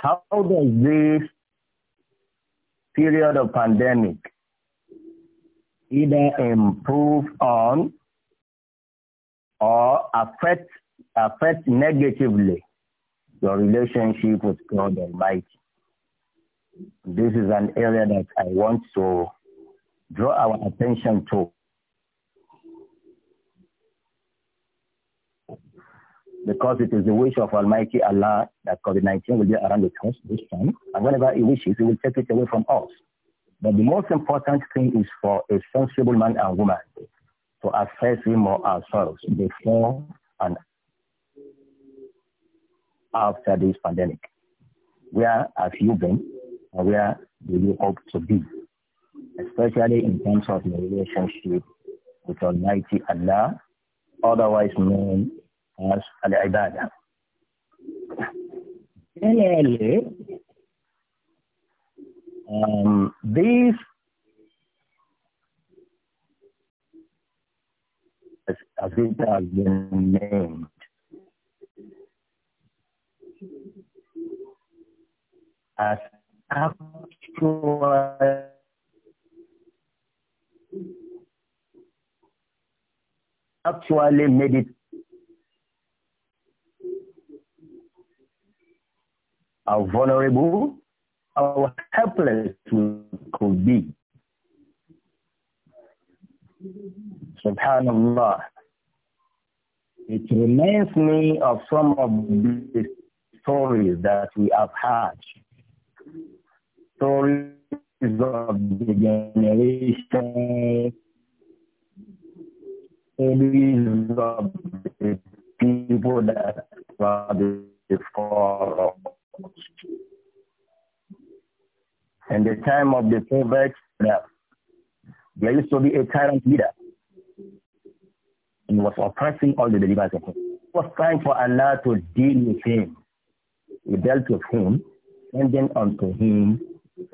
How does this period of pandemic either improve on or affect affect negatively your relationship with God Almighty. This is an area that I want to draw our attention to because it is the wish of Almighty Allah that COVID-19 will be around the house this time. And whenever He wishes, He will take it away from us. But the most important thing is for a sensible man and woman to assess him or ourselves before and after this pandemic. Where have you been or where do you hope to be? Especially in terms of your relationship with Almighty Allah, otherwise known al-ibadah. Generally, um, these as, as it has been named, as actual actually made it how vulnerable, how helpless we could be. Subhanallah. It reminds me of some of the stories that we have had. Stories of the generation, stories of the people that were before In the time of the prophets, there used to be a tyrant leader. He was oppressing all the believers of him. It was time for Allah to deal with him. He dealt with him, sending unto him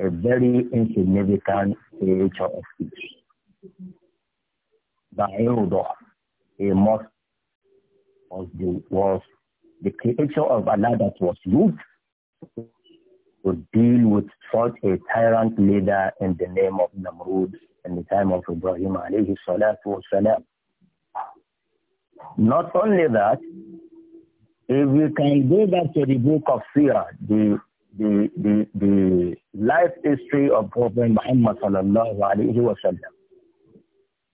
a very insignificant creature of speech. Ba'udah, a mosque, was the, was the creature of Allah that was used would deal with such a tyrant leader in the name of Namrud in the time of Ibrahim alayhi salatu wasalam. Not only that, if we can go back to the book of Sira, the, the, the, the life history of Prophet Muhammad sallallahu alayhi wasallam,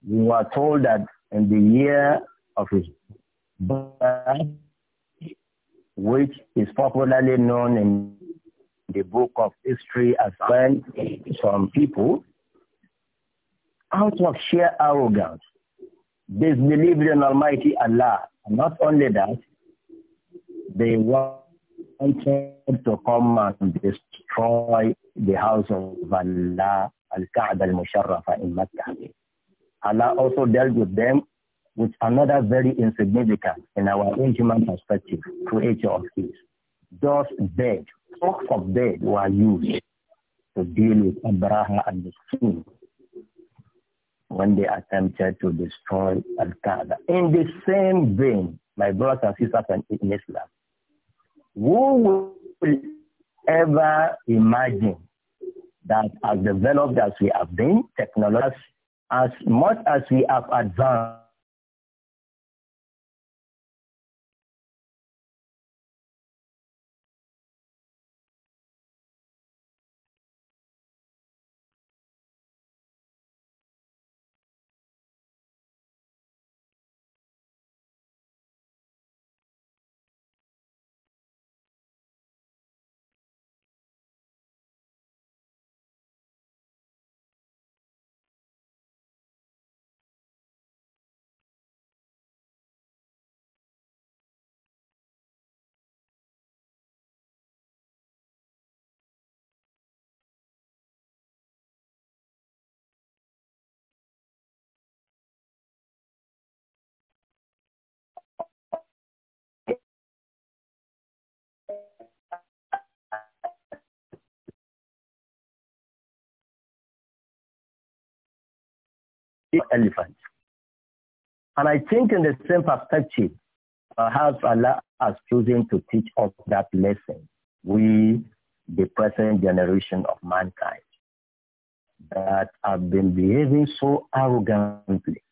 we were told that in the year of his birth, which is popularly known in the book of history as well, some people, out of sheer arrogance, disbelieved in Almighty Allah. Not only that, they wanted to come and destroy the house of Allah, Al-Ka'b al-Musharrafa in Mecca. Allah also dealt with them with another very insignificant, in our own human perspective, creator of peace. Thus, beg flocks of birds were used to deal with Abraha and the team when they attempted to destroy Al-Qaeda. In the same vein, my brothers and sisters in Islam, who will ever imagine that as developed as we have been, technology, as much as we have advanced, elephant. And I think in the same perspective, perhaps Allah has chosen to teach us that lesson. We, the present generation of mankind, that have been behaving so arrogantly,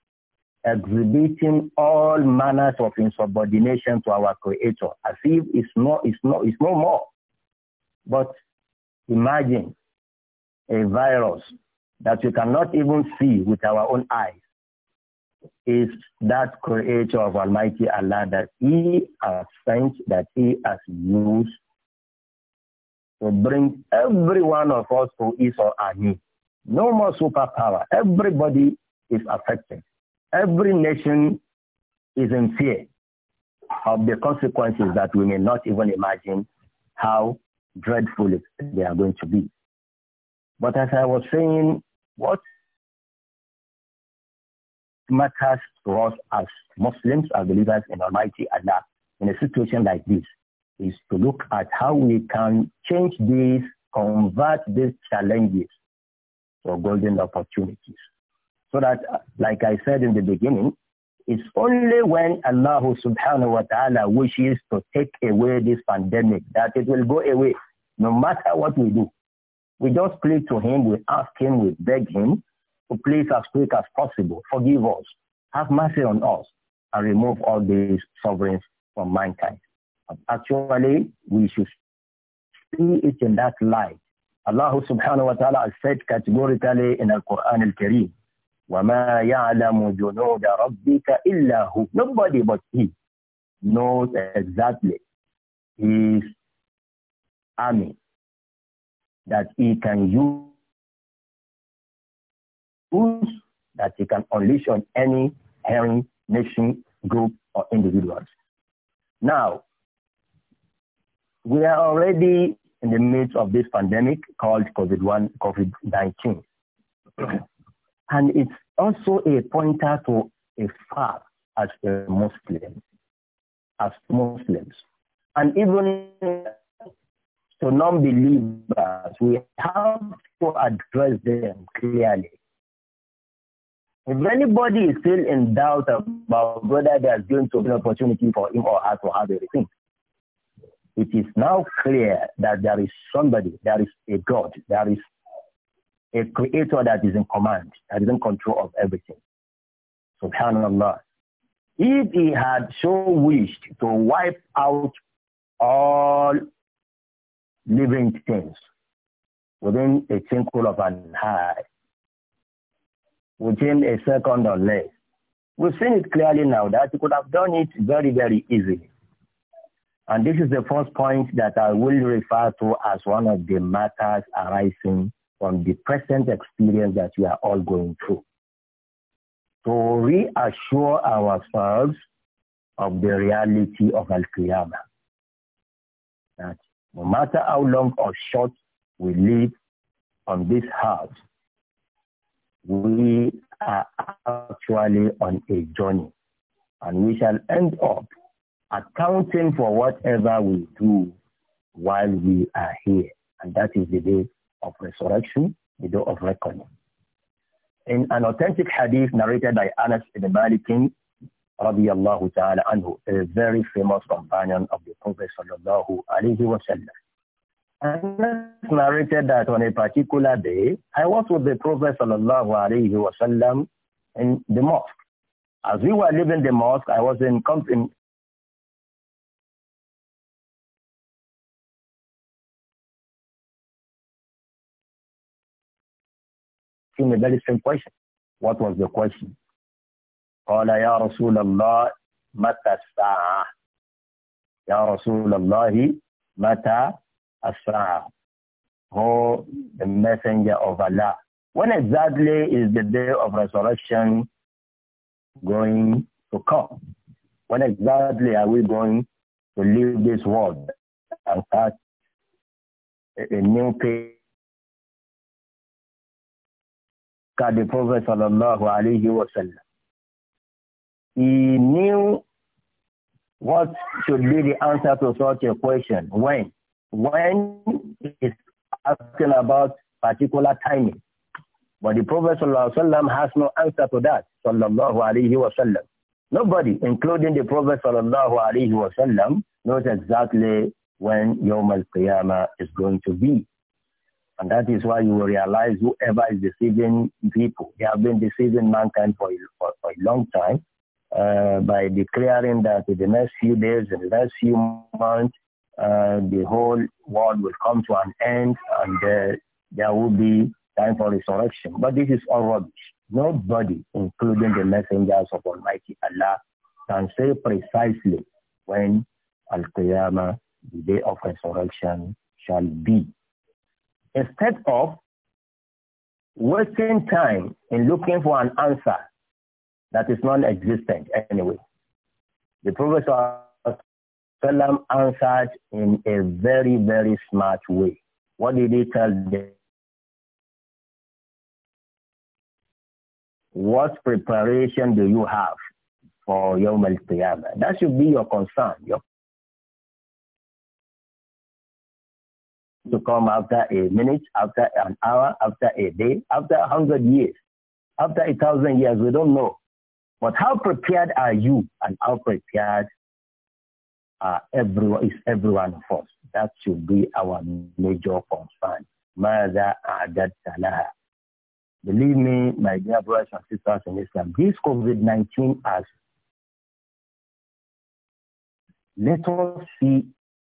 exhibiting all manners of insubordination to our Creator, as if it's no, it's no, it's no more. But imagine a virus that we cannot even see with our own eyes is that creator of Almighty Allah that He has sent, that He has used to bring every one of us to his or her No more superpower. Everybody is affected. Every nation is in fear of the consequences that we may not even imagine how dreadful they are going to be. But as I was saying, what matters for us as Muslims, as believers in Almighty Allah, in a situation like this, is to look at how we can change these, convert these challenges to golden opportunities. So that, like I said in the beginning, it's only when Allah subhanahu wa ta'ala wishes to take away this pandemic that it will go away, no matter what we do. We just plead to him, we ask him, we beg him to please as quick as possible, forgive us, have mercy on us, and remove all these sovereigns from mankind. actually, we should see it in that light. Allah subhanahu wa ta'ala said categorically in the Quran al-Kareem, وَمَا يَعْلَمُ جُنُودَ رَبِّكَ إِلَّا هُ Nobody but he knows exactly his army that he can use, that he can unleash on any herring, nation, group, or individuals. Now, we are already in the midst of this pandemic called COVID-1, COVID-19. and it's also a pointer to a fact as a Muslim, as Muslims. And even so non-believers, we have to address them clearly. If anybody is still in doubt about whether there's going to be an opportunity for him or her to have everything, it is now clear that there is somebody, there is a God, there is a creator that is in command, that is in control of everything. Subhanallah. If he had so wished to wipe out all living things within a sinkhole of an eye, within a second or less. We've seen it clearly now that you could have done it very, very easily. And this is the first point that I will refer to as one of the matters arising from the present experience that we are all going through. To reassure ourselves of the reality of Al-Qiyamah, that no matter how long or short we live on this earth, we are actually on a journey and we shall end up accounting for whatever we do while we are here. And that is the day of resurrection, the day of reckoning. In an authentic hadith narrated by Anas ibn Malik, radiallahu ta'ala anhu, a very famous companion of the Prophet sallallahu alayhi wa sallam. it's narrated that on a particular day, I was with the Prophet sallallahu alayhi wa sallam in the mosque. As we were leaving the mosque, I was in, in a very same question. What was the question? قال يا رسول الله متى الساعة يا رسول الله متى الساعة the messenger of Allah when exactly is the day of resurrection going to come? When exactly are we going to leave this world and start a, a new page? God, the Prophet sallallahu alayhi wa sallam he knew what should be the answer to such a question. When? When is asking about particular timing. But the Prophet ﷺ has no answer to that. Sallallahu alayhi Nobody, including the Prophet sallallahu alayhi knows exactly when Yom al-Qiyamah is going to be. And that is why you will realize whoever is deceiving people, they have been deceiving mankind for, for, for a long time, uh, by declaring that in the next few days, in the next few months, uh, the whole world will come to an end and uh, there will be time for resurrection. But this is all rubbish. Nobody, including the messengers of Almighty Allah, can say precisely when Al-Qiyamah, the day of resurrection, shall be. Instead of wasting time in looking for an answer that is non-existent anyway. The Prophet Sallam answered in a very, very smart way. What did he tell them? What preparation do you have for Yom Al Qiyamah? That should be your concern. Your to come after a minute, after an hour, after a day, after a hundred years, after a thousand years, we don't know. But how prepared are you and how prepared uh, everyone, is everyone of us? That should be our major concern. Mother Believe me, my dear brothers and sisters in Islam, this COVID-19 has let us see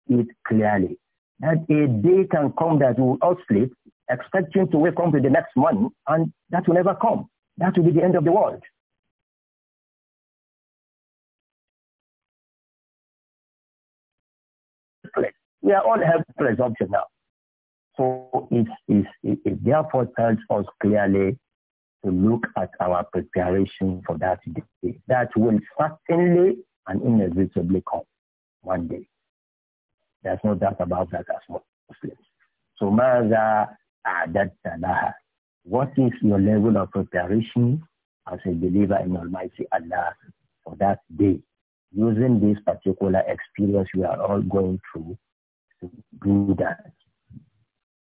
it clearly. That a day can come that we will all sleep, expecting to wake up the next morning, and that will never come. That will be the end of the world. We are all have presumption now. So it, it, it, therefore tells us clearly to look at our preparation for that day. That will certainly and inevitably come one day. There's no doubt about that as Muslims. So ماذا What is your level of preparation as a believer in Almighty Allah for that day? Using this particular experience we are all going through to do that.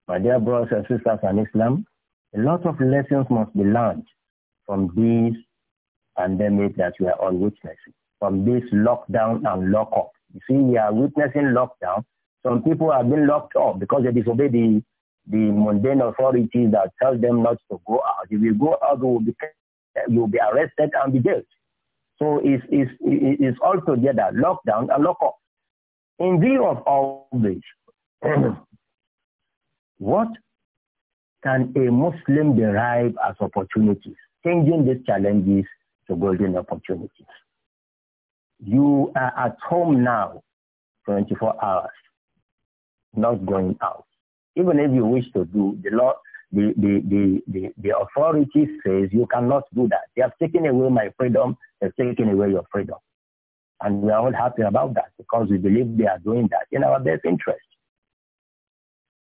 My dear brothers and sisters in Islam, a lot of lessons must be learned from this pandemic that we are all witnessing, from this lockdown and lockup. You see, we are witnessing lockdown. Some people have been locked up because they disobey the, the mundane authorities that tell them not to go out. If you go out, you will be, you will be arrested and be jailed. So it's, it's, it's all together, lockdown and lockup. In view of all this, what can a Muslim derive as opportunities, changing these challenges to golden opportunities? You are at home now 24 hours, not going out. Even if you wish to do, the law, the, the, the, the, the authority says you cannot do that. They have taken away my freedom, they have taken away your freedom. And we are all happy about that because we believe they are doing that in our best interest.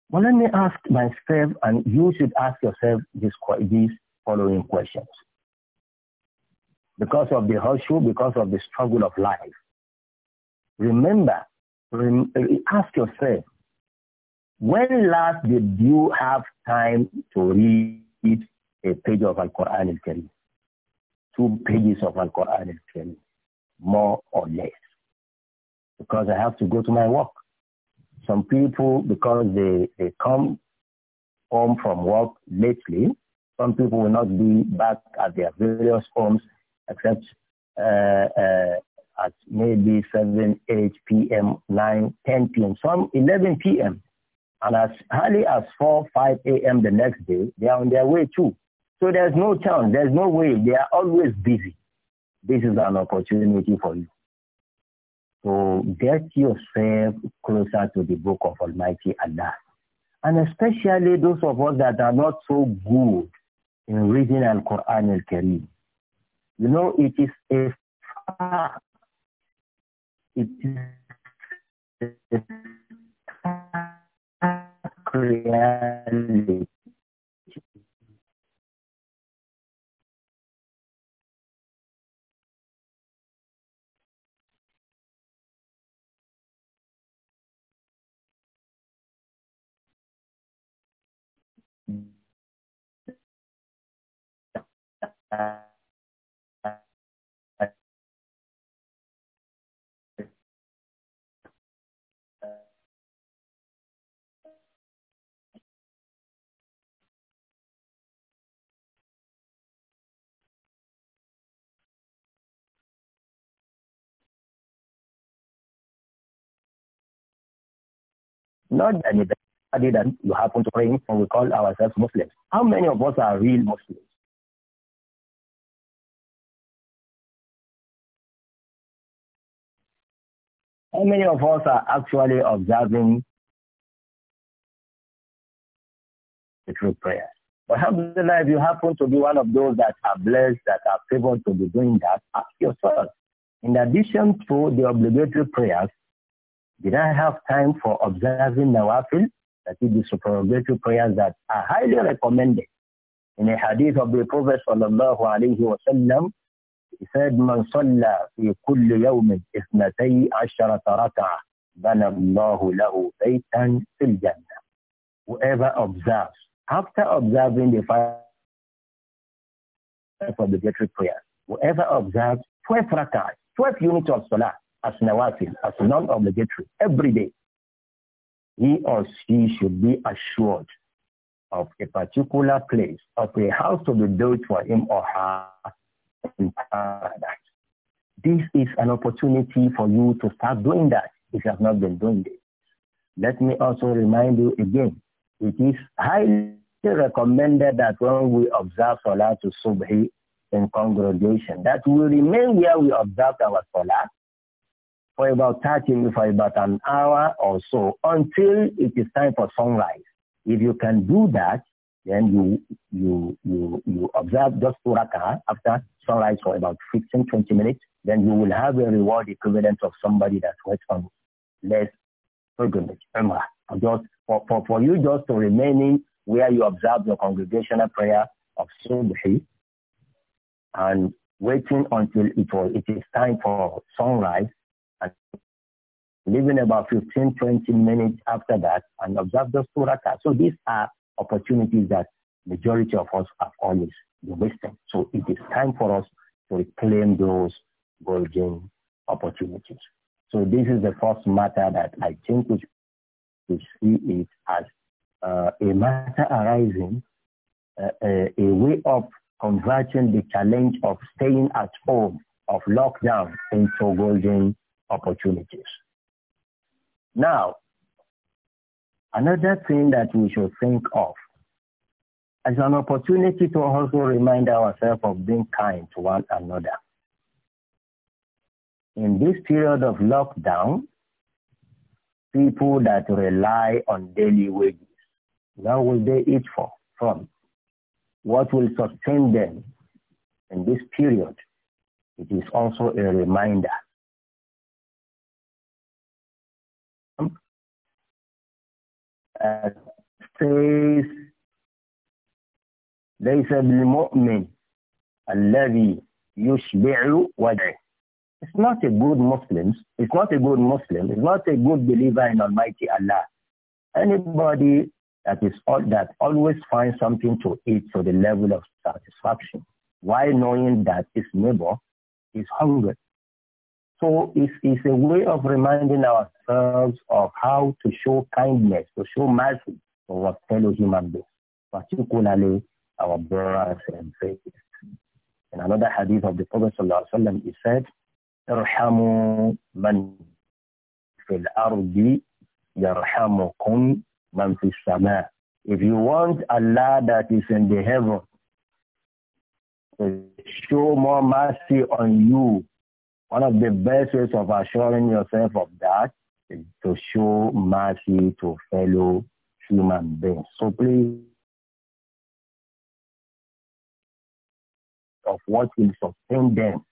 Well, let me ask myself, and you should ask yourself this, these following questions. Because of the hustle, because of the struggle of life, remember, rem ask yourself, when last did you have time to read a page of Al-Quran Two pages of Al-Quran al-Karim more or less because I have to go to my work. Some people, because they, they come home from work lately, some people will not be back at their various homes except uh, uh, at maybe 7, 8 p.m., 9, 10 p.m., some 11 p.m. And as early as 4, 5 a.m. the next day, they are on their way too. So there's no chance, there's no way. They are always busy this is an opportunity for you. to get yourself closer to the book of Almighty Allah. And especially those of us that are not so good in reading Al Quran al Kareem. You know, it is a It is a reality Not that you have to pray when we call ourselves Muslims. How many of us are real Muslims? How many of us are actually observing the true prayer? But alhamdulillah, if you happen to be one of those that are blessed, that are favored to be doing that, ask yourself, in addition to the obligatory prayers, did I have time for observing nawafil? That is the supererogatory prayers that are highly recommended. In a hadith of the Prophet sallallahu alayhi wa sallam, he said, من صلى في كل يوم اثنتي عشرة ركعة بنى الله له بيتا في الجنة. Whoever observes, after observing the five obligatory prayers, whoever observes 12 rak'ahs, 12 units of salah as nawafil, as non-obligatory, every day, he or she should be assured of a particular place, of a house to be built for him or her this is an opportunity for you to start doing that if you have not been doing it. Let me also remind you again, it is highly recommended that when we observe Salah to subh in congregation, that we remain where we observe our Salah for about 30 for about an hour or so until it is time for sunrise. If you can do that, then you you you you observe just two rak'ah after sunrise for about 15, 20 minutes. Then you will have a reward equivalent of somebody that went on less pilgrimage, umrah. Just for, for, for you just to remaining where you observe your congregational prayer of subhi and waiting until it, was, it is time for sunrise and leaving about 15, 20 minutes after that and observe those two rak'ah. So these are opportunities that majority of us have always wasting. So it is time for us to reclaim those golden opportunities. So this is the first matter that I think we should see it as uh, a matter arising, uh, a, uh, a way of converting the challenge of staying at home, of lockdown into golden opportunities. Now, Another thing that we should think of as an opportunity to also remind ourselves of being kind to one another. In this period of lockdown, people that rely on daily wages, where will they eat for, from? What will sustain them in this period? It is also a reminder uh, says, ليس بالمؤمن الذي يشبع It's not a good Muslim. It's not a good Muslim. It's not a good believer in Almighty Allah. Anybody that is all, that always finds something to eat for the level of satisfaction, while knowing that his neighbor is hungry. So it's, it's a way of reminding ourselves of how to show kindness, to show mercy to our fellow human beings, particularly our brothers and sisters. In another hadith of the Prophet ﷺ, he said, ارحموا من في الأرض يرحمكم man في السماء. If you want Allah that is in the heaven to show more mercy on you one of the best ways of assuring yourself of that is to show mercy to fellow human beings. So please, of what will sustain them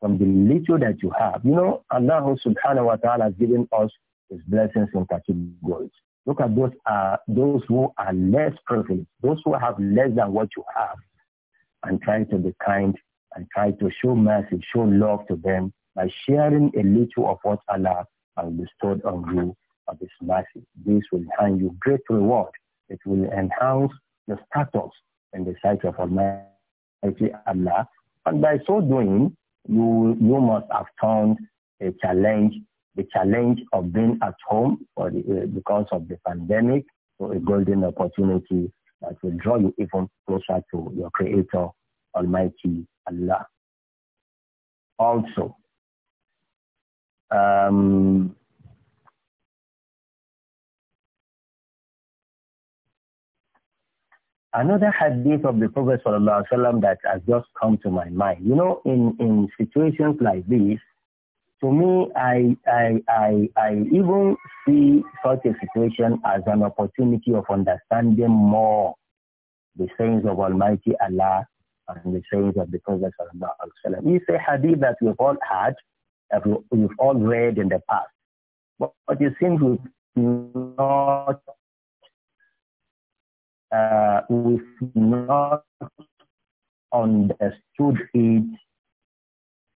from the little that you have. You know, Allah subhanahu wa ta'ala has given us his blessings in categories. Look at those, uh, those who are less privileged, those who have less than what you have, and trying to be kind and try to show mercy, show love to them by sharing a little of what Allah has bestowed on you of His mercy. This will earn you great reward. It will enhance your status in the sight of Almighty Allah. And by so doing, you, you must have found a challenge, the challenge of being at home the, uh, because of the pandemic, so a golden opportunity that will draw you even closer to your Creator, Almighty Allah. Also, um, another hadith of the Prophet وسلم that has just come to my mind. You know, in, in situations like this, to me, I, I, I, I even see such a situation as an opportunity of understanding more the sayings of Almighty Allah and the sayings of the Prophet are not excellent. It's a hadith that we've all had, that we've all read in the past. But, but it seems we've not, uh, we've not understood it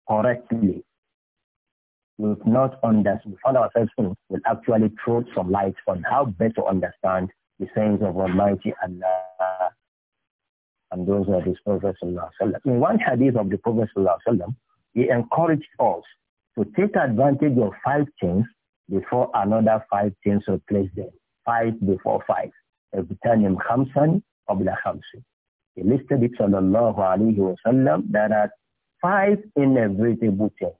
correctly. We've not understood, we found ourselves in, will actually throw some light on how best to understand the sayings of Almighty Allah and those of his Prophet In one hadith of the Prophet Allah, he encouraged us to take advantage of five things before another five things replace them. Five before five. Ibtanim khamsan qabla khamsin. He listed it sallallahu alayhi wa sallam. There are five inevitable things.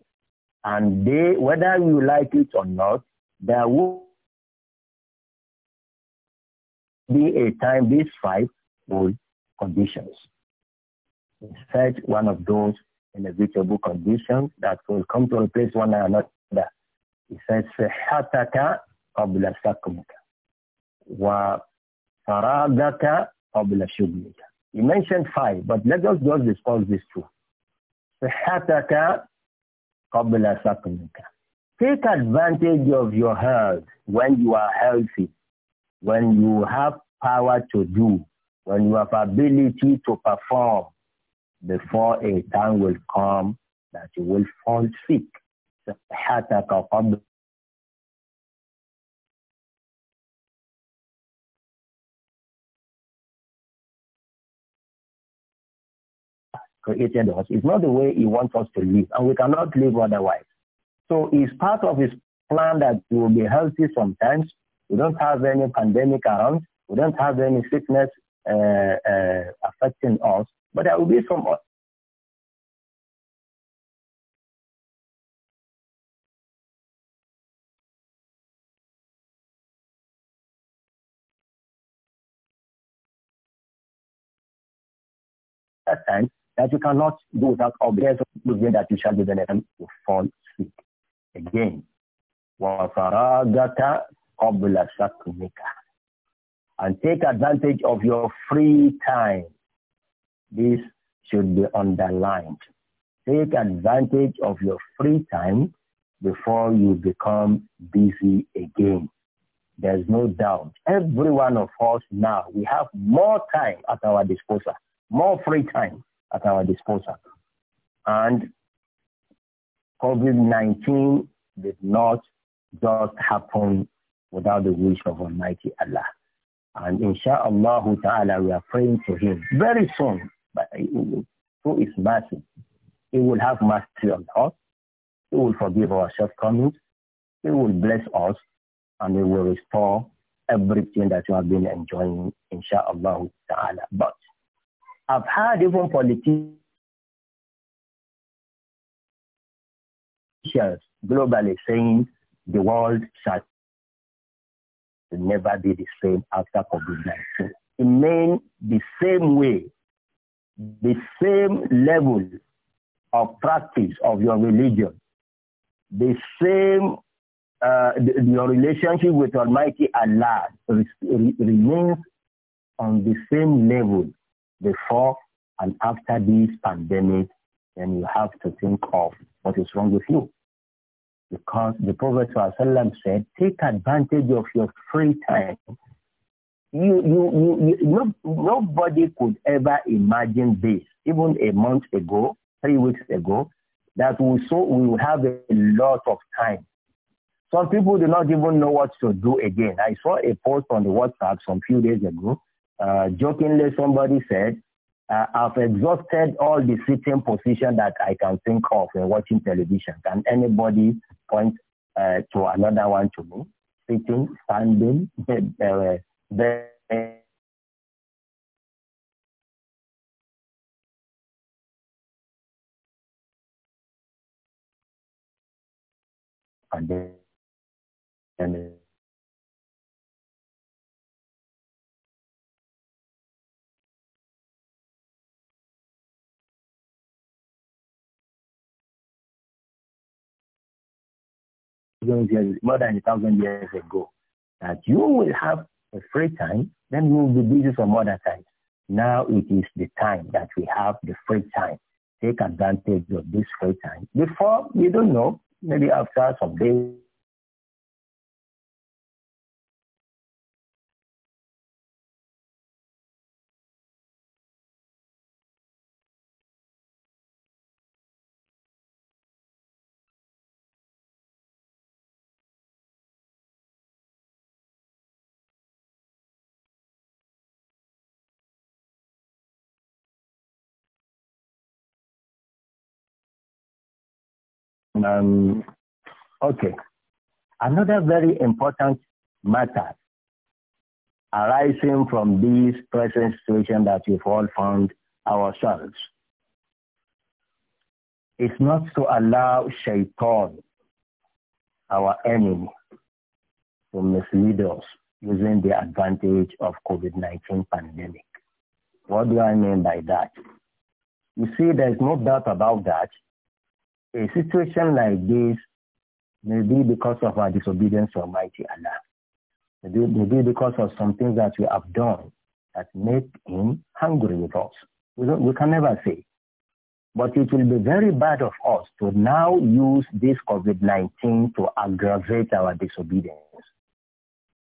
And they, whether you like it or not, there will be a time these five will conditions. In fact, one of those inevitable conditions that will come to replace one another. He says, صحتك قبل سقمك وفراغك قبل شغلك. He mentioned five, but let us just discuss these two. صحتك قبل سقمك. Take advantage of your health when you are healthy, when you have power to do, when you have ability to perform before a time will come that you will fall sick. صحتك قبل created us. It's not the way he wants us to live, and we cannot live otherwise. So it's part of his plan that we will be healthy sometimes. We don't have any pandemic around. We don't have any sickness. Uh, uh, affecting us, but there will be some at times that you cannot do without others that you shall be the them to fall sick again. وَفَرَاغَكَ قَبْلَ شَكْمِكَ and take advantage of your free time. This should be underlined. Take advantage of your free time before you become busy again. There's no doubt. Every one of us now, we have more time at our disposal, more free time at our disposal. And COVID-19 did not just happen without the wish of Almighty Allah. And insha'Allah ta'ala, we are praying to him. Very soon, through his mercy, he will have mercy on us. He will forgive our shortcomings. He will bless us and he will restore everything that you have been enjoying, insha'Allah ta'ala. But I've had even politicians globally saying the world shall never be the same after COVID-19. Remain the same way, the same level of practice of your religion, the same uh, your relationship with Almighty Allah remains on the same level before and after this pandemic, then you have to think of what is wrong with you. Because the Prophet ﷺ said, take advantage of your free time. You, you, you, you, nobody could ever imagine this, even a month ago, three weeks ago, that we, so we will have a lot of time. Some people do not even know what to do again. I saw a post on the WhatsApp some few days ago. Uh, jokingly, somebody said, uh, I've exhausted all the sitting position that I can think of in watching television. Can anybody point uh, to another one to me, sitting, standing, there, there. And then, and then thousand years, more than a thousand years ago, that you will have a free time, then you will be busy some other time. Now it is the time that we have the free time. Take advantage of this free time. Before, you don't know, maybe after some days, Um, okay. Another very important matter arising from this present situation that we've all found ourselves is not to allow shaitan, our enemy, to mislead us using the advantage of COVID-19 pandemic. What do I mean by that? You see, there's no doubt about that a situation like this may be because of our disobedience to Almighty Allah. Maybe, maybe because of some things that we have done that make him angry with us. We, we can never say. But it will be very bad of us to now use this COVID-19 to aggravate our disobedience,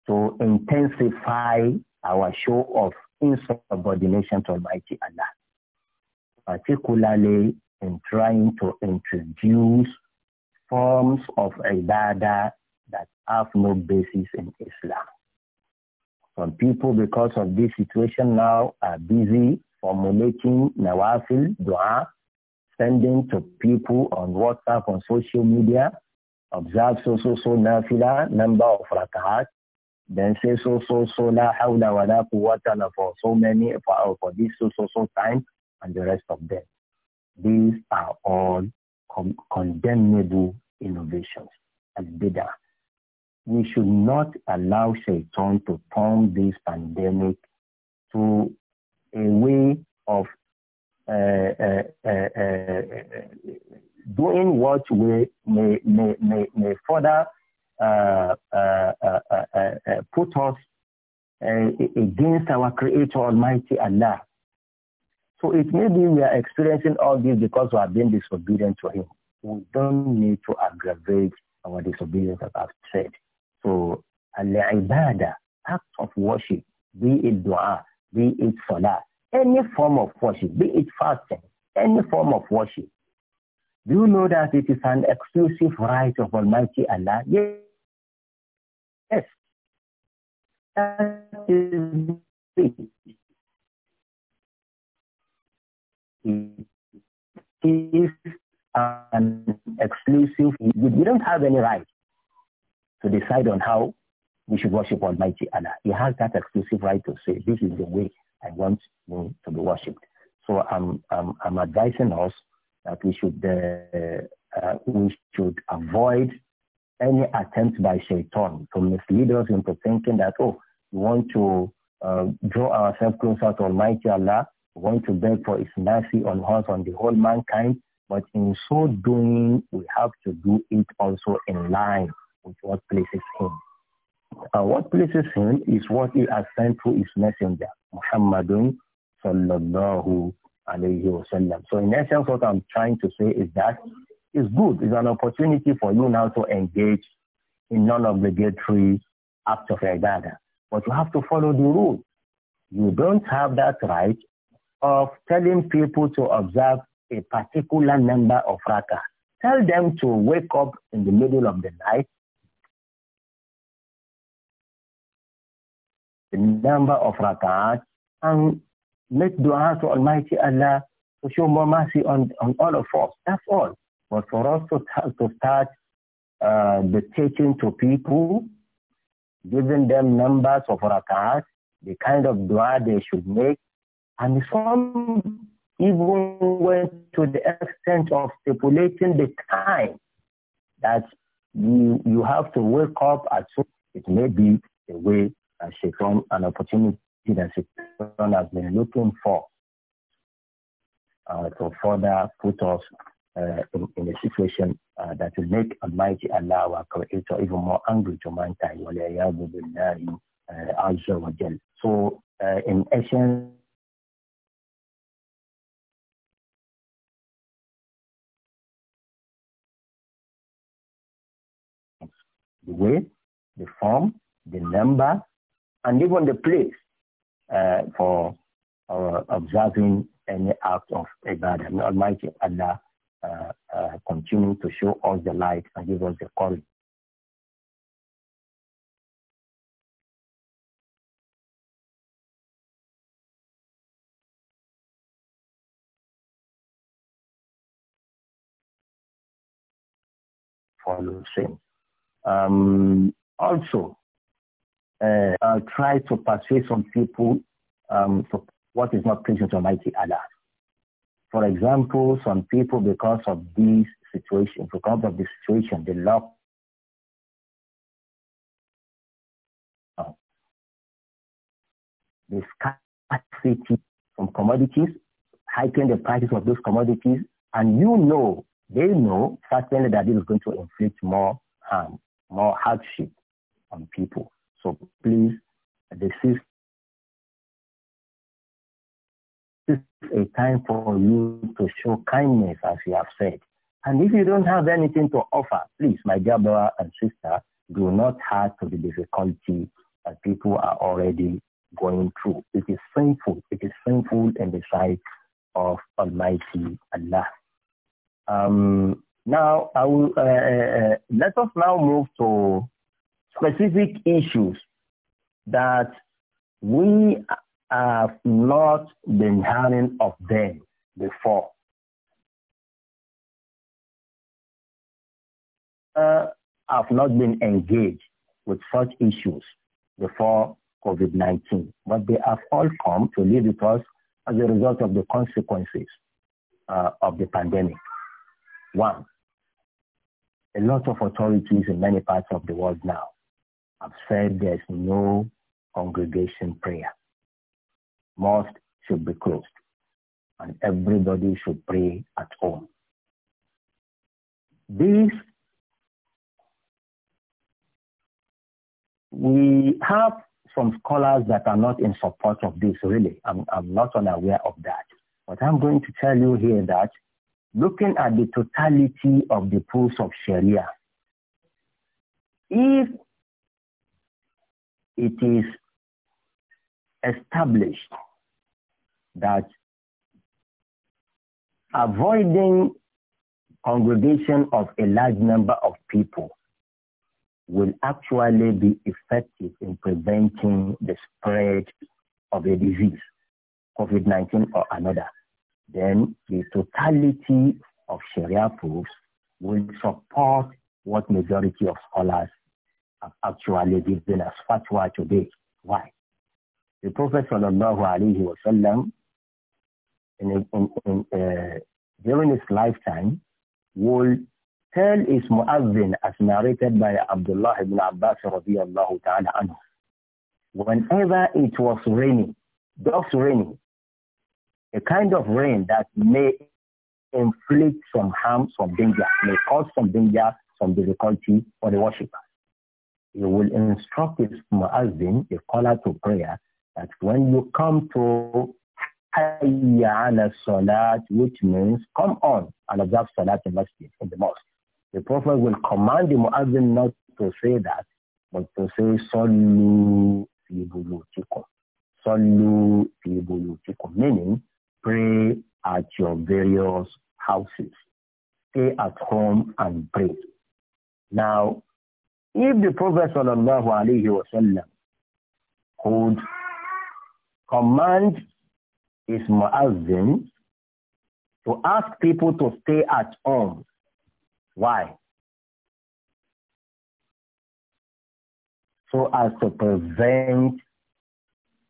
to intensify our show of insubordination to Almighty Allah, particularly in trying to introduce forms of ibadah that have no basis in Islam. Some people, because of this situation now, are busy formulating nawafil, dua, sending to people on WhatsApp, on social media, observe so, so, so, nafila, number of rakahat, then say so, so, so, la hawla wa la quwwata for so many, for, for this so, so, so time, and the rest of them. These are all con condemnable innovations as bidah. We should not allow Shaitan to turn this pandemic to a way of uh, uh, uh, uh, uh doing what we may, may, may, may further uh, put us against our Creator Almighty Allah so it may be we are experiencing all this because we are being disobedient to him. We don't need to aggravate our disobedience as I've said. So al-ibadah, act of worship, be it dua, be it salah, any form of worship, be it fasting, any form of worship. Do you know that it is an exclusive right of Almighty Allah? Yes. yes. That is is an exclusive. We don't have any right to decide on how we should worship Almighty Allah. He has that exclusive right to say, this is the way I want you to be worshipped. So I'm, um, I'm, um, I'm, um, advising us that we should, uh, uh, we should avoid any attempt by shaitan to mislead us into thinking that, oh, we want to uh, draw ourselves closer to Almighty Allah want to beg for his mercy on us, on the whole mankind, but in so doing, we have to do it also in line with what pleases him. what pleases him is what he has sent through his messenger, Muhammadun sallallahu alayhi sallam. So in essence, what I'm trying to say is that it's good. It's an opportunity for you now to engage in non-obligatory acts of ibadah. But you have to follow the rules. You don't have that right of telling people to observe a particular number of rakah. Tell them to wake up in the middle of the night. The number of rakahs and make dua to Almighty Allah to show more mercy on, on all of us. That's all. But for us to, to start uh, the teaching to people, giving them numbers of rakahs, the kind of dua they should make, and some even went to the extent of stipulating the time that you, you have to wake up at so it may be a way that Shaitan, an opportunity that Shaitan has been looking for uh, to further put us uh, in, in, a situation uh, that will make Almighty Allah, our Creator, even more angry to mankind. Uh, so, uh, in essence, the way, the form, the number, and even the place uh, for uh, observing any act of ibadah. May Almighty Allah uh, uh, continue to show us the light and give us the courage. follow same. Um, also, uh, I'll try to persuade some people um, for what is not pleasing to Almighty Allah. For example, some people, because of this situation, because of the situation, they love um, the scarcity from commodities, hiking the prices of those commodities, and you know, they know certainly that this is going to inflict more harm more hardship on people. So please, this is, this is a time for you to show kindness, as you have said. And if you don't have anything to offer, please, my dear brother and sister, do not add to the difficulty that people are already going through. It is sinful. It is sinful in the sight of Almighty Allah. Um, now, I will, uh, uh, uh, let us now move to specific issues that we have not been hearing of them before. Uh, have not been engaged with such issues before COVID-19, but they have all come to live with us as a result of the consequences uh, of the pandemic. One, a lot of authorities in many parts of the world now have said there's no congregation prayer. Most should be closed and everybody should pray at home. This, we have some scholars that are not in support of this really. I'm, I'm not unaware of that. But I'm going to tell you here that looking at the totality of the rules of Sharia, if it is established that avoiding congregation of a large number of people will actually be effective in preventing the spread of a disease, COVID-19 or another then the totality of Sharia proofs will support what majority of scholars have actually given as fatwa today. Why? The Prophet sallallahu alaihi wasallam in, in, in, uh, during his lifetime will tell his muazzin as narrated by Abdullah ibn Abbas radiyallahu ta'ala anhu. Whenever it was raining, just raining, a kind of rain that may inflict some harm, some danger, may cause some danger, some difficulty for the worshiper. He will instruct his muazzin, the caller to prayer, that when you come to Hayya Salat, which means come on and observe Salat in masjid, in the mosque. The Prophet will command the muazzin not to say that, but to say Sallu fi bulutikum. Sallu fi bulutikum, meaning at your various houses. Stay at home and pray. Now, if the Prophet sallallahu alaihi wasallam could command his muazzin to ask people to stay at home, why? So as to prevent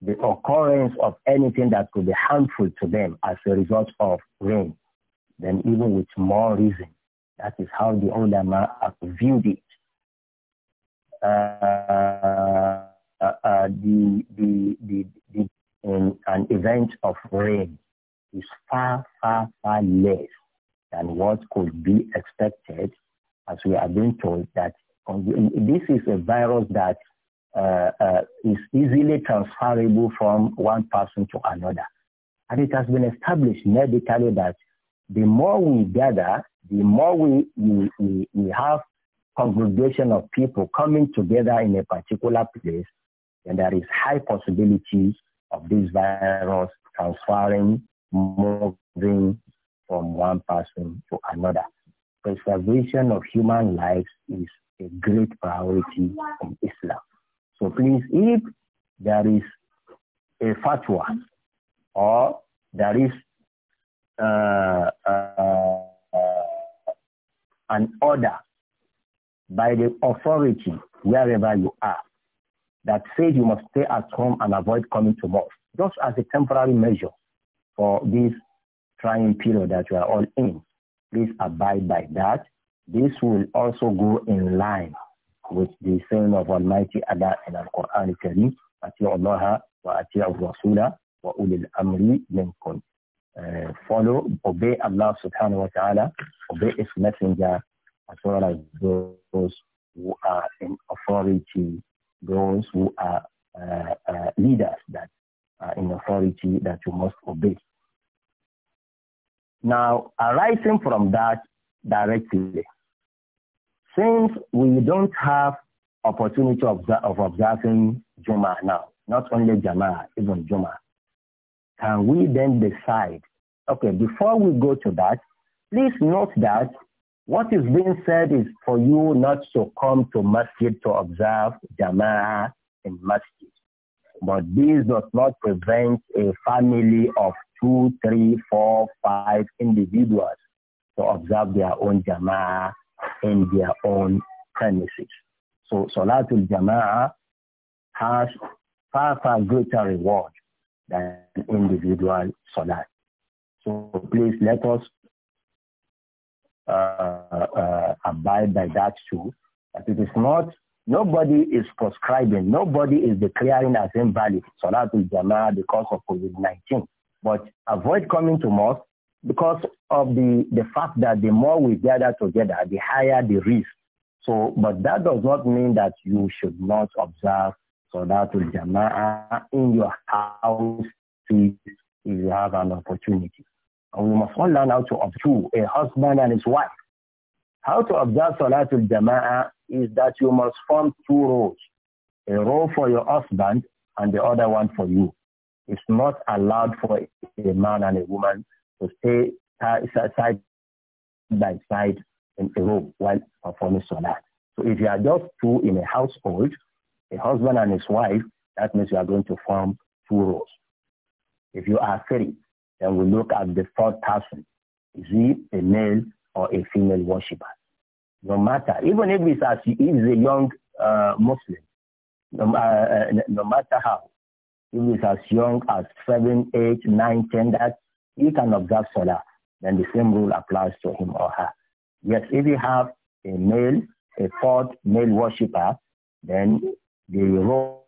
the occurrence of anything that could be harmful to them as a result of rain, then even with more reason. That is how the ulama have viewed it. Uh, uh, uh, uh the, the, the, the in an event of rain is far, far, far less than what could be expected, as we are being told that this is a virus that uh, uh, is easily transferable from one person to another. And it has been established medically that the more we gather, the more we, we, we, we have congregation of people coming together in a particular place, then there is high possibility of this virus transferring, moving from one person to another. Preservation of human lives is a great priority in Islam. So please, if there is a fatwa or there is uh, uh, an order by the authority wherever you are that says you must stay at home and avoid coming to mosque, just as a temporary measure for this trying period that we are all in. Please abide by that. This will also go in line with the saying of Almighty Allah in Al-Quran Kareem, Ati'u Allah wa Ati'u Rasula wa Ulil Amri minkum. Uh, follow, obey Allah subhanahu wa ta'ala, obey His messenger, as well as those who are in authority, those who are uh, uh, leaders that are in authority that you must obey. Now, arising from that directly, since we don't have opportunity of, of observing Juma now, not only Jama, even Juma, can we then decide? Okay, before we go to that, please note that what is being said is for you not to come to masjid to observe Jama'ah in masjid. But this does not prevent a family of two, three, four, five individuals to observe their own Jama'ah in their own premises. So Salatul Jama'ah has far, far greater reward than individual Salat. So please let us uh, uh, abide by that too. But it is not, nobody is prescribing, nobody is declaring as invalid Salatul Jama'ah because of COVID-19. But avoid coming to mosque because of the, the fact that the more we gather together, the higher the risk. So, but that does not mean that you should not observe Salatul Jama'ah in your house if you have an opportunity. And we must all learn how to observe a husband and his wife. How to observe Salatul Jama'ah is that you must form two rows. A row for your husband and the other one for you. It's not allowed for a man and a woman to stay side by side in a row while performing salah. So if you are just two in a household, a husband and his wife, that means you are going to form two rows. If you are three, then we look at the third person. Is he a male or a female worshipper? No matter, even if as he is a young uh, Muslim, no, uh, uh no, matter how, if is as young as seven, eight, nine, ten, that he can observe salah, then the same rule applies to him or her. Yes, if you have a male, a fourth male worshipper, then the roles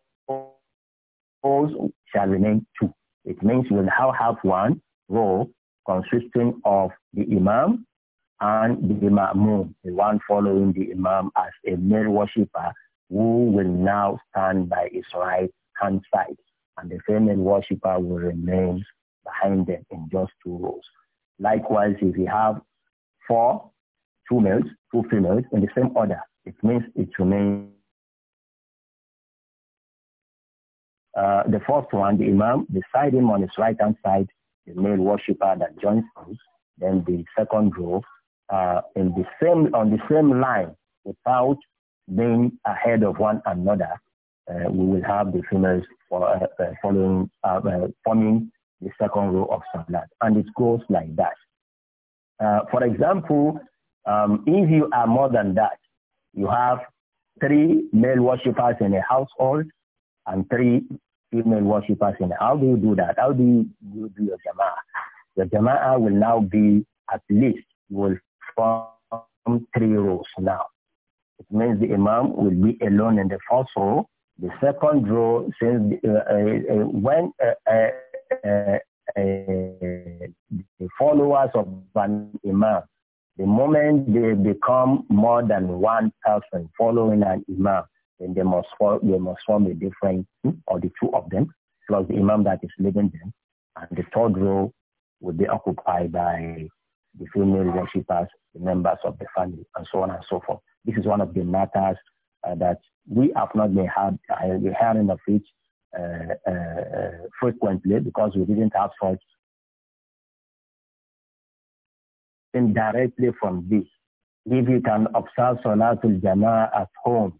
shall remain two. It means we'll now have one row consisting of the imam and the ma'mun, the one following the imam as a male worshipper who will now stand by his right hand side. And the female worshipper will remain behind them in just two rows. Likewise, if you have four, two males, two females in the same order, it means it remains Uh, the first one, the imam, beside him on his right-hand side, the male worshipper that joins us. Then the second row, uh, in the same on the same line, without being ahead of one another, uh, we will have the females for, uh, uh, following uh, forming the second row of salat. And it goes like that. Uh, for example, um, if you are more than that, you have three male worshippers in a household and three female worshippers in a How do you do that? How do you, do your jama'ah? Your jama'ah will now be at least, will form three rows now. It means the imam will be alone in the first row. The second row, since uh, uh, uh, when uh, uh, Eh, eh, the followers of an imam, the moment they become more than one person following an imam, then they must form, they must form a different or the two of them plus the imam that is leading them, and the third row will be occupied by the female worshippers, the members of the family, and so on and so forth. This is one of the matters uh, that we have not been had, uh, hearing of it frequently because we didn't have such indirectly from this. If you can observe Salatul Jama'ah at home,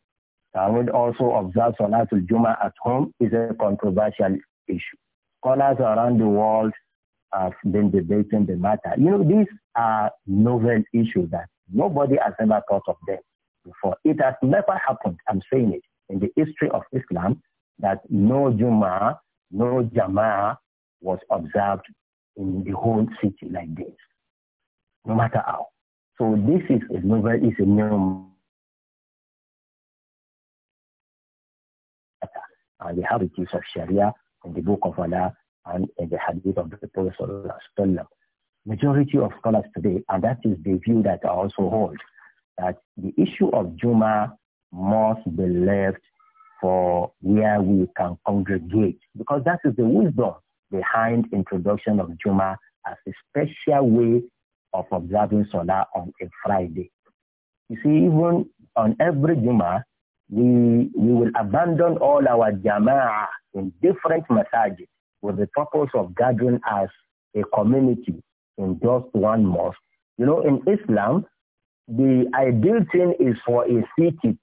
I would also observe Salatul Juma at home is a controversial issue. Scholars around the world have been debating the matter. You know, these are novel issues that nobody has ever thought of them before. It has never happened, I'm saying it, in the history of Islam that no Juma, no Jama'ah was observed in the whole city like this, no matter how. So this is a novel, is a new and we have the case of Sharia in the book of Allah and in the hadith of the Prophet Sallallahu Majority of scholars today, and that is the view that I also hold, that the issue of Juma must be left for where we can congregate because that is the wisdom behind introduction of Juma as a special way of observing Salah on a Friday. You see, even on every Juma, we, we will abandon all our Jama'ah in different masajid with the purpose of gathering as a community in just one mosque. You know, in Islam, the ideal thing is for a city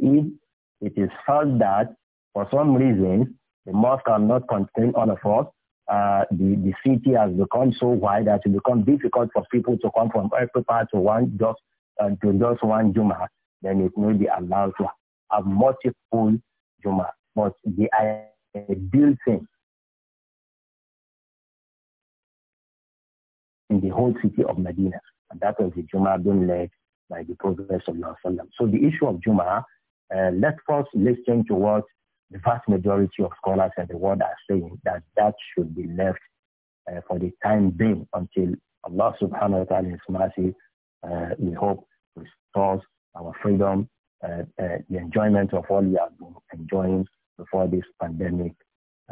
if it is felt that for some reason the mosque cannot contain all of us, uh, the, the city has become so wide that it becomes difficult for people to come from every part to one just uh, to just one Juma, then it may be allowed to have multiple Juma. But the ideal thing in the whole city of Medina, and that was the Juma being led by the progress of Sallallahu So the issue of Juma uh, let us listen to what the vast majority of scholars in the world are saying that that should be left uh, for the time being until Allah subhanahu wa ta'ala is mercy, uh, we hope, restores our freedom, uh, uh the enjoyment of all we have been enjoying before this pandemic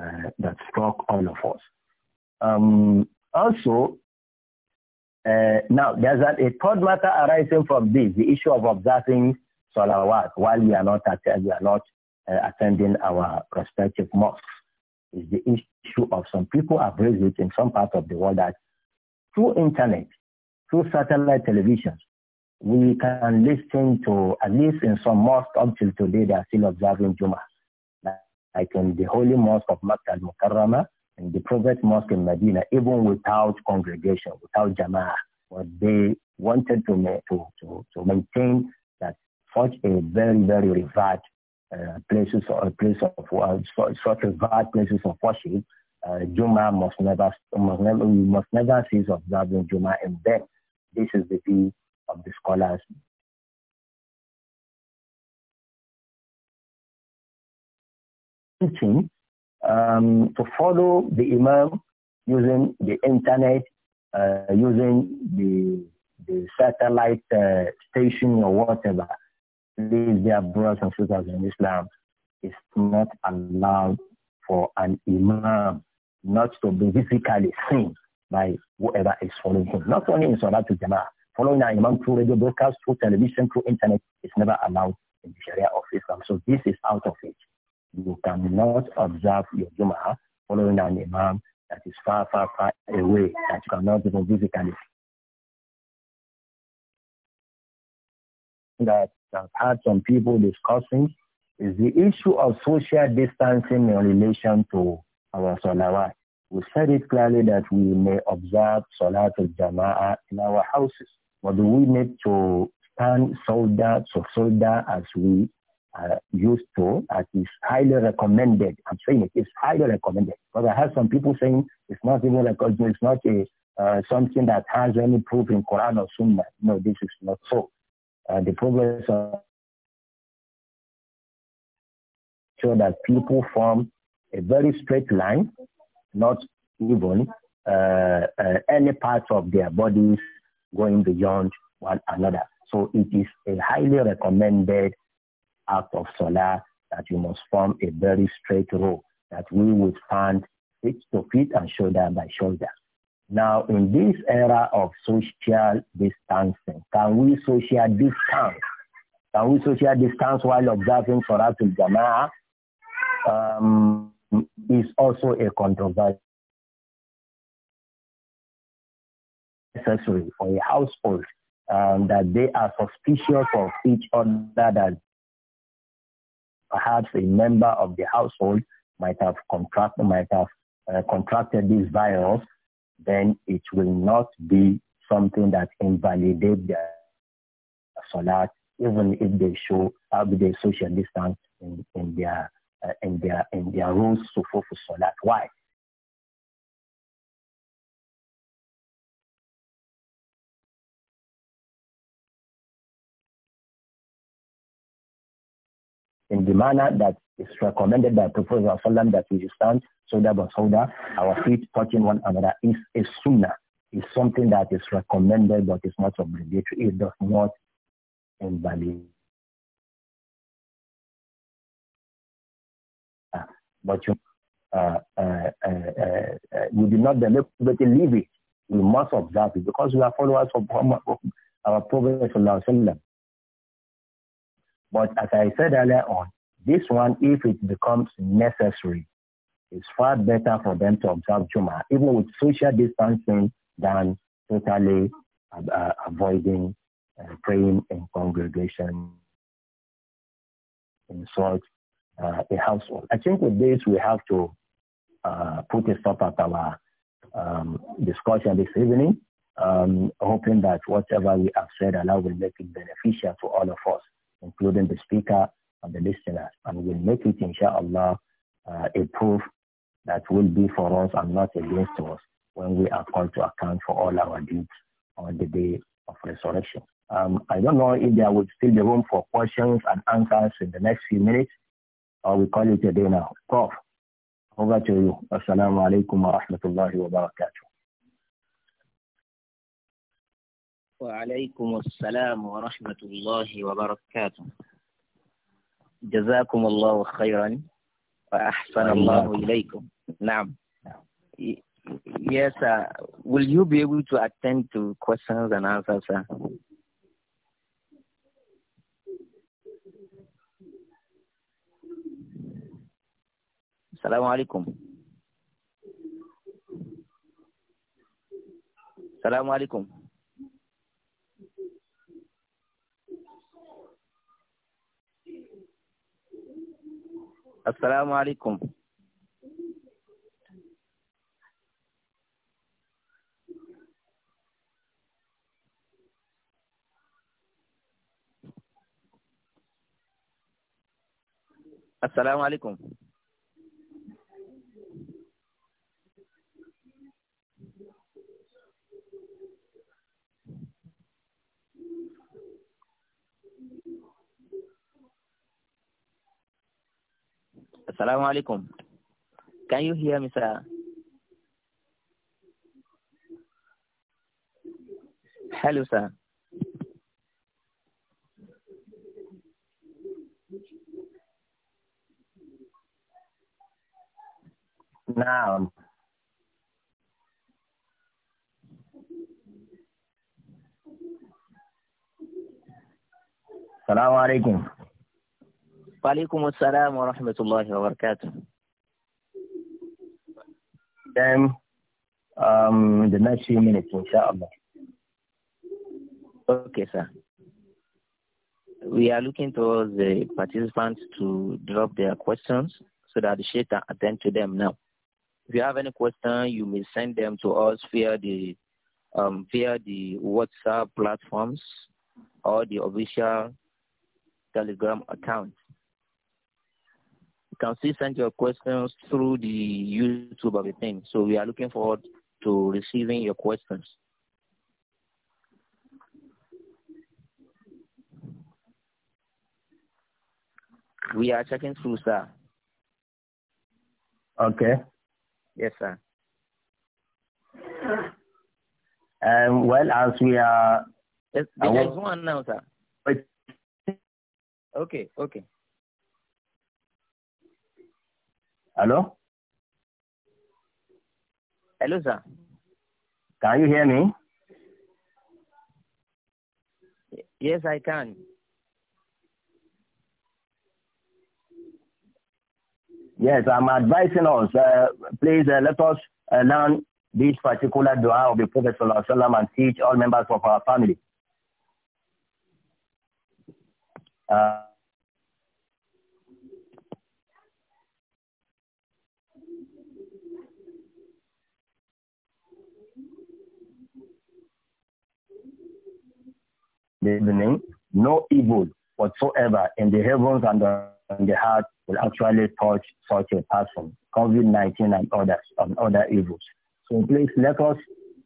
uh, that struck all of us. Um, also, uh, now, there's a, a third matter arising from this, the issue of observing salawat while we are not at, we are not uh, attending our respective mosques. Is the issue of some people have raised it in some part of the world that through internet, through satellite televisions, we can listen to, at least in some mosques up till today, they are still observing Juma. Like in the Holy Mosque of Makkah al-Mukarramah, and the Prophet Mosque in Medina, even without congregation, without Jama'ah, but they wanted to, to, to, to maintain such a very, very revered uh, places or uh, place of uh, such revered places of worship, uh, Juma must never, must never, we must never cease observing Juma And then This is the view of the scholars. Um, to follow the Imam using the internet, uh, using the, the satellite uh, station or whatever leave their brothers and sisters in Islam, it's not allowed for an imam not to be physically seen by whoever is following him. Not only in Salat to Jama'ah, following an imam through radio broadcast, through television, through internet, is never allowed in the Sharia of Islam. So this is out of it. You cannot observe your Jum'ah following an imam that is far, far, far away, that you cannot even physically see. That I've had some people discussing is the issue of social distancing in relation to our salawat. We said it clearly that we may observe al Jama'ah in our houses, but we need to stand shoulder to shoulder as we are uh, used to, That is highly recommended. I'm saying it's highly recommended. But I have some people saying it's not even like, it's not a, uh, something that has any proof in Quran or Sunnah. No, this is not so. Uh, the progress of so that people form a very straight line, not even uh, uh, any part of their bodies going beyond one another. So it is a highly recommended act of solar that you must form a very straight row that we would stand feet to feet and shoulder by shoulder. Now, in this era of social distancing, can we social distance? Can we social distance while observing Salat jamaa? Um, is also a controversy. Necessary for a household um, that they are suspicious of each other that perhaps a member of the household might have contract might have uh, contracted this virus then it will not be something that invalidates their salat, even if they show up uh, the social distance in, in their uh, in their in their rules to fulfill salat. Why? In the manner that is recommended by Prophet that we stand shoulder by shoulder, our feet touching one another is a sunnah. It's something that is recommended, but it's not obligatory. It does not invalidate. But you, uh, uh, uh, uh we did not deliberately leave it. We must observe it because we are followers of our Prophet But as I said earlier on, this one, if it becomes necessary, it's far better for them to observe Juma, even with social distancing, than totally uh, avoiding uh, praying in congregation in such uh, a household. I think with this, we have to uh, put a stop at our um, discussion this evening, um, hoping that whatever we have said, Allah will make it beneficial to all of us, including the speaker and the listeners, and will make it, inshallah, uh, a proof that will be for us and not against us when we are called to account for all our deeds on the day of resurrection. Um, I don't know if there would still be room for questions and answers in the next few minutes, or we call it a day now. Prof, over to you. Assalamu alaikum wa rahmatullahi wa barakatuh. وعليكم السلام ورحمة الله وبركاته جزاكم الله خيرا فأحسن الله alaykum. Now, Yes, sir. Will you be able to attend to questions and answers, sir? Assalamu alaikum. Salaamu alaikum. asalaamu alaykum. asalaamu alaykum. Assalamu alaikum. Can you hear me, sir? Hello, sir. Now. Assalamu alaikum. Walaikum assalam Then, um, the next few minutes, inshallah. Okay, sir. We are looking towards the participants to drop their questions so that the sheikh attend to them now. If you have any question, you may send them to us via the um, via the WhatsApp platforms or the official Telegram account. You can still send your questions through the YouTube of the thing. So we are looking forward to receiving your questions. We are checking through, sir. Okay. Yes, sir. Um, well, as we are... there is one now, sir. Okay, okay. Hello? Hello, sir. Can you hear me? Yes, I can. Yes, I'm advising us. Uh, please uh, let us uh, learn this particular dua of the Prophet Sallallahu and teach all members of our family. Uh, no evil whatsoever in the heavens and the, and the heart will actually touch such a person, COVID-19 and others, and other evils. So please let us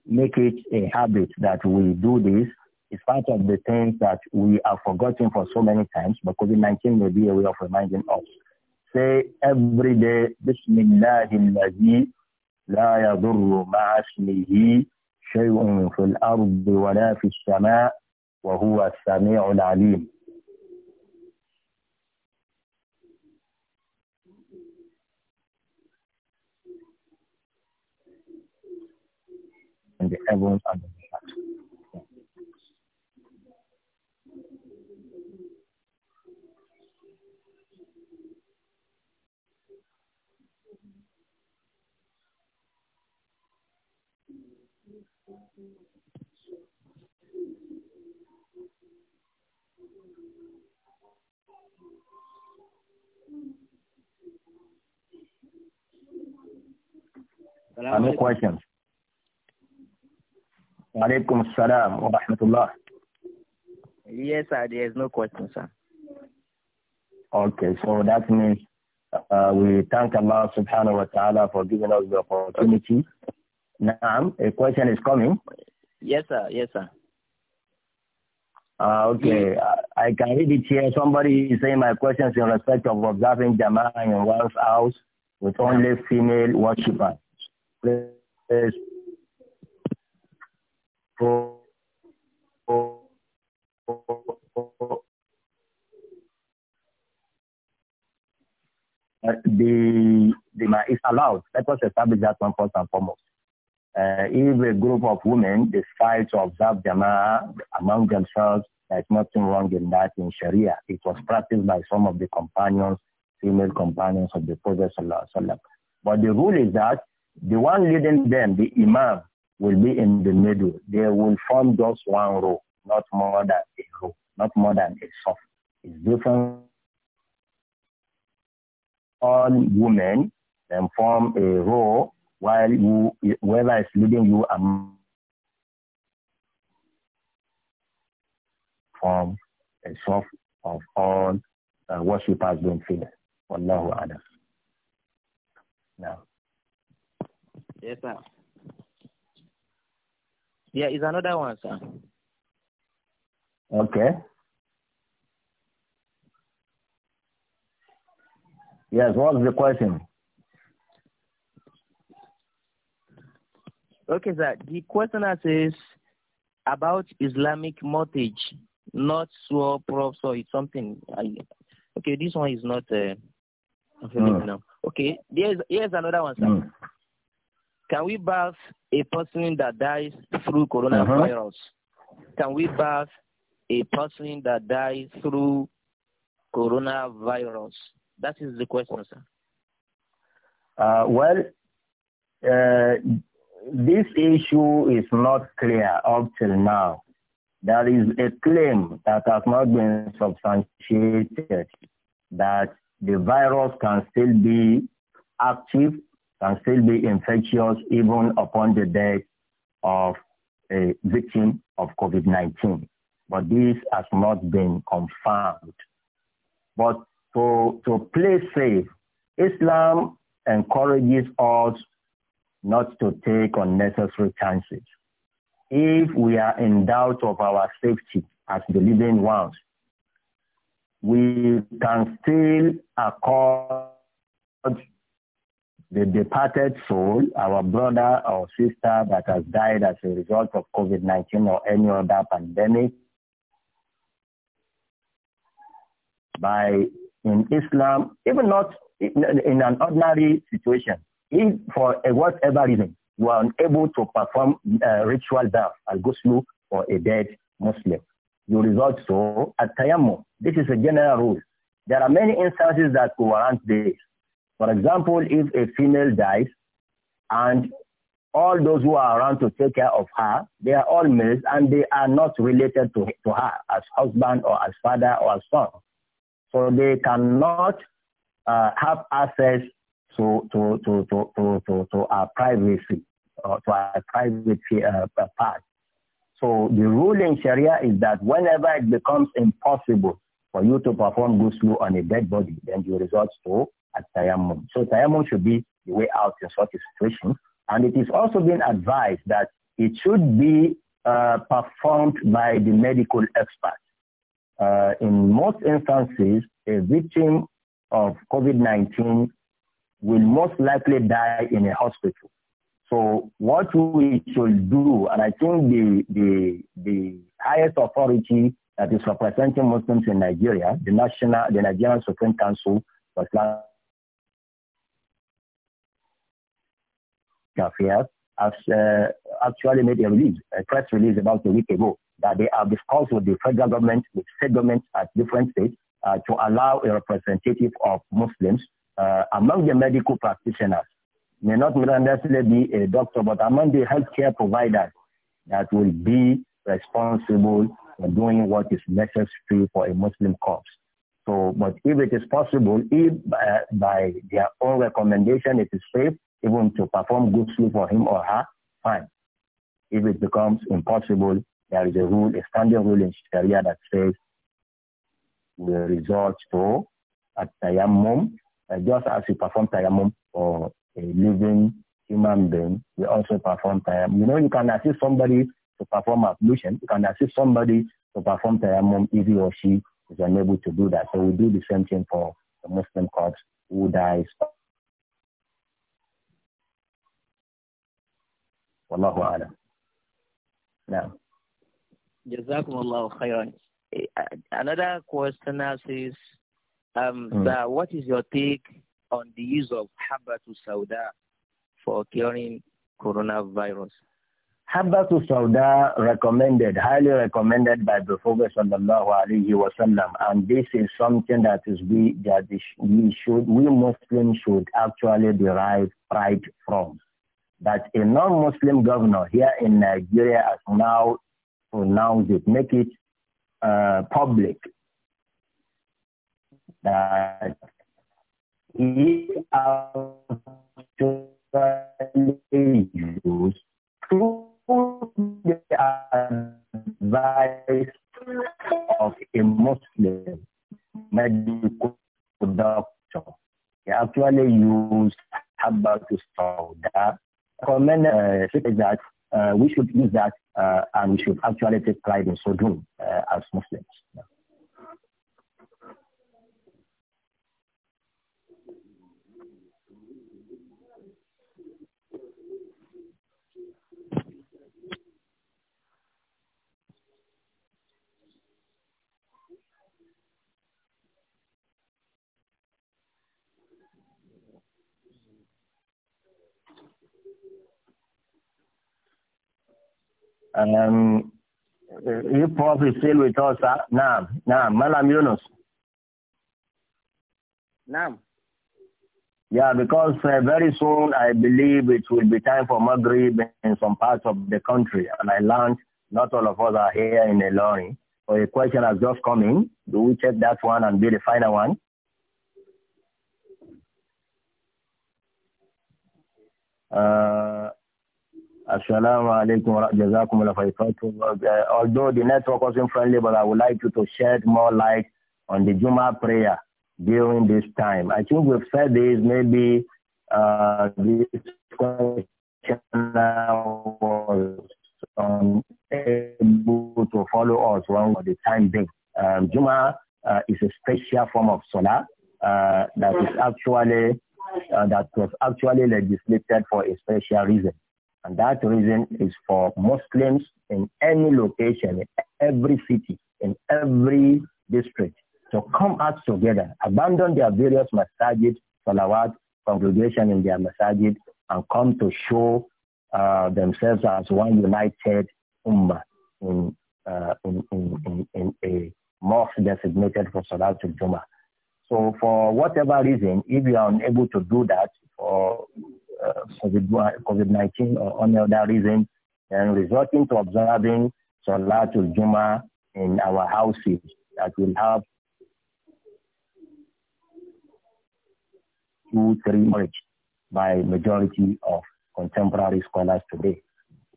make it a habit that we do this. It's part of the things that we are forgotten for so many times, but COVID-19 may be a way of reminding us. Say every day, Bismillah لا يضر مع اسمه شيء في الأرض ولا في السماء وهو السميع العليم Thank you. No questions? Alaikum salam wa rahmatullah. Yes, sir. There is no question, sir. Okay, so that means uh, we thank Allah subhanahu wa ta'ala for giving us the opportunity. Now, a question is coming. Yes, sir. Yes, sir. Uh, okay, yes. I, I can read it here. Somebody is saying my questions in respect of observing Jama'ah in one's house with only female worshippers. The the the is allowed. Let us establish that one first and foremost. Uh, if a group of women decide to observe jama'ah among themselves, there's nothing wrong in that in Sharia. It was practiced by some of the companions, female companions of the Prophet Sallallahu But the rule is that the one leading them, the imam, will be in the middle. They will form just one row, not more than a row, not more than a soft. It's different. All women then form a row while you, whoever is leading you among form a soft of all uh, worshippers being filled. Wallahu Adam. Now, Yes, sir. Yeah, There is another one, sir. Okay. Yes, what's the question? Okay, sir. The questioner is about Islamic mortgage, not swap, prop, so it's something. I, okay, this one is not. Uh, okay, mm. okay, there's here's another one, sir. Mm. Can we bath a person that dies through coronavirus? Uh-huh. Can we bath a person that dies through coronavirus? That is the question, sir. Uh, well, uh, this issue is not clear up till now. There is a claim that has not been substantiated that the virus can still be active can still be infectious even upon the death of a victim of COVID-19. But this has not been confirmed. But to, to play safe, Islam encourages us not to take unnecessary chances. If we are in doubt of our safety as the living ones, we can still accord the departed soul, our brother or sister that has died as a result of COVID-19 or any other pandemic, by in Islam, even not in, an ordinary situation, if for whatever reason you are unable to perform a uh, ritual death, al ghusl for a dead Muslim, you resort to at tayammum. This is a general rule. There are many instances that warrant this. For example, if a female dies and all those who are around to take care of her, they are all males and they are not related to, to her as husband or as father or as son. So they cannot uh, have access to, to, to, to, to, to, to our privacy to our private uh, part. So the rule in Sharia is that whenever it becomes impossible for you to perform ghusl on a dead body, then you resort to at tayammum. So tayammum should be the way out in such a situation. And it is also being advised that it should be uh, performed by the medical experts. Uh, in most instances, a victim of COVID-19 will most likely die in a hospital. So what we should do, and I think the, the, the highest authority that is representing Muslims in Nigeria, the National, the Nigerian Supreme Council for Islamic Affairs has uh, actually made a release, a press release about a week ago, that they have discussed with the federal government, with state governments at different states, uh, to allow a representative of Muslims uh, among the medical practitioners. May not necessarily be a doctor, but among the healthcare providers that will be responsible for doing what is necessary for a Muslim cause. So, but if it is possible, if uh, by their own recommendation it is safe, even to perform good sleep for him or her, fine. If it becomes impossible, there is a rule, a standing rule in Sharia that says we resort to a tayammum. Uh, just as you perform tayammum for a living human being, we also perform tayammum. You know, you can assist somebody to perform ablution. You can assist somebody to perform tayammum if he or she is unable to do that. So we do the same thing for the Muslim corpse who dies Wallahu alam. Now. Jazakumullah khairan. Another question says, um, that hmm. what is your take on the use of Habatu Sauda for curing coronavirus? Habatu Sauda recommended, highly recommended by the Prophet sallallahu alaihi wasallam, and this is something that is we that is, we should we Muslims should actually derive pride from that a non-Muslim governor here in Nigeria has now pronounced it, make it uh, public, that he actually used the advice of a Muslim medical doctor. He actually used Habba to Sauda comment stated that we should use that uh, and we should actually take pride in so doing uh, as Muslims. Um, you Prof is still with us. Huh? Nam, naam. Malam Yunus. Nam. Yeah, because uh, very soon I believe it will be time for Maghrib in some parts of the country. And I learned not all of us are here in the lorry. So a question has just come in. Do we check that one and be the final one? Uh, Assalamu alaikum jazakum uh, Although the network wasn't friendly, but I would like you to shed more light on the Juma prayer during this time. I think we've said this maybe uh, this question was able to follow us one of the time being. Um, Juma uh, is a special form of Salah uh, that is actually uh, that was actually legislated for a special reason. And that reason is for Muslims in any location, in every city, in every district, to come out together, abandon their various masajid, salawat, congregation in their masajid, and come to show uh, themselves as one united ummah in, uh, in, in, in, in, a mosque designated for Salatul Jummah. So for whatever reason, if you are unable to do that, for uh, COVID-19 or any other reason, and resorting to observing al Juma in our houses that will have two, three marriage by majority of contemporary scholars today.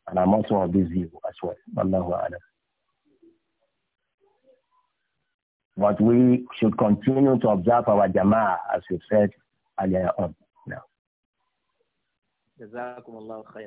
And I'm also of this view as well. But we should continue to observe our Jama'ah as we said earlier on. جزاكم الله خيرا